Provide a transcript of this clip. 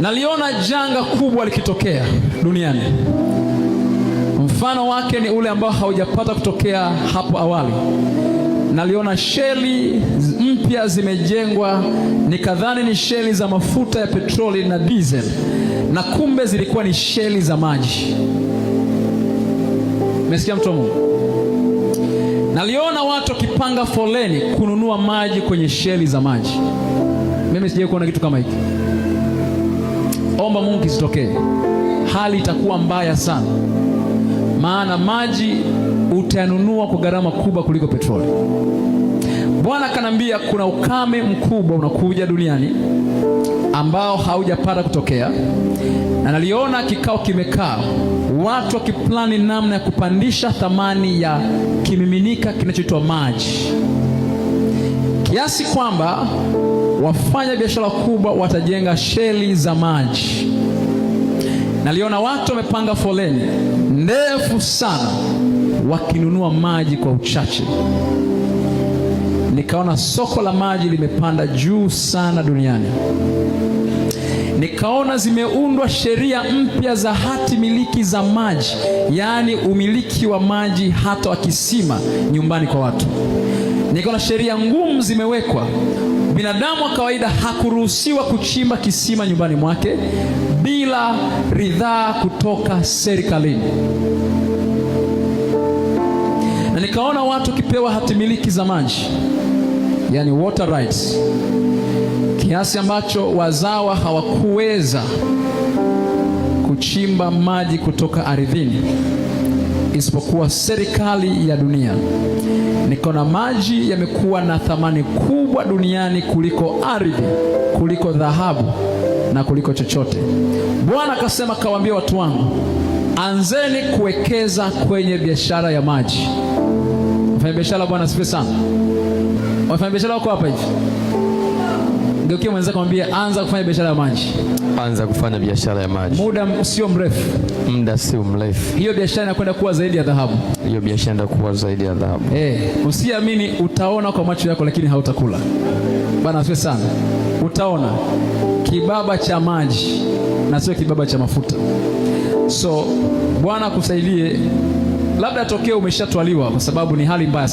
Naliona janga kubwa likitokea duniani. Mfano wake ni ule ambao haujapata kutokea hapo awali. Naliona sheli mpya zimejengwa, nikadhani ni sheli za mafuta ya petroli na diesel, na kumbe zilikuwa ni sheli za maji. mesikia mtu wa Mungu? Naliona watu wakipanga foleni kununua maji kwenye sheli za maji. Mimi sijawahi kuona kitu kama hiki. Omba Mungu kisitokee hali itakuwa mbaya sana, maana maji utayanunua kwa gharama kubwa kuliko petroli. Bwana kanambia kuna ukame mkubwa unakuja duniani ambao haujapata kutokea, na naliona kikao kimekaa watu wakiplani namna ya kupandisha thamani ya kimiminika kinachoitwa maji kiasi kwamba Wafanya biashara kubwa watajenga sheli za maji. Naliona watu wamepanga foleni ndefu sana wakinunua maji kwa uchache. Nikaona soko la maji limepanda juu sana duniani. Nikaona zimeundwa sheria mpya za hati miliki za maji, yaani umiliki wa maji hata wa kisima nyumbani kwa watu. Nikaona sheria ngumu zimewekwa Binadamu wa kawaida hakuruhusiwa kuchimba kisima nyumbani mwake bila ridhaa kutoka serikalini. Na nikaona watu kipewa hatimiliki za maji, yani water rights, kiasi ambacho wazawa hawakuweza kuchimba maji kutoka ardhini isipokuwa serikali ya dunia. Nikona maji yamekuwa na thamani kubwa duniani kuliko ardhi, kuliko dhahabu na kuliko chochote. Bwana akasema, kawaambia watu wangu, anzeni kuwekeza kwenye biashara ya maji. biashara Bwana asifiwe sana. Wafanyabiashara wako hapa hivi Mgeukie mwenza kumwambia anza kufanya biashara ya maji. Anza kufanya biashara ya maji. Muda sio mrefu. Muda sio mrefu. Hiyo biashara inakwenda kuwa zaidi ya dhahabu. Hiyo biashara inakwenda kuwa zaidi ya dhahabu. Eh, usiamini utaona kwa macho yako lakini hautakula. Bana asifiwe sana. Utaona kibaba cha maji na sio kibaba cha mafuta. So Bwana akusaidie, labda tokeo umeshatwaliwa kwa sababu ni hali mbaya.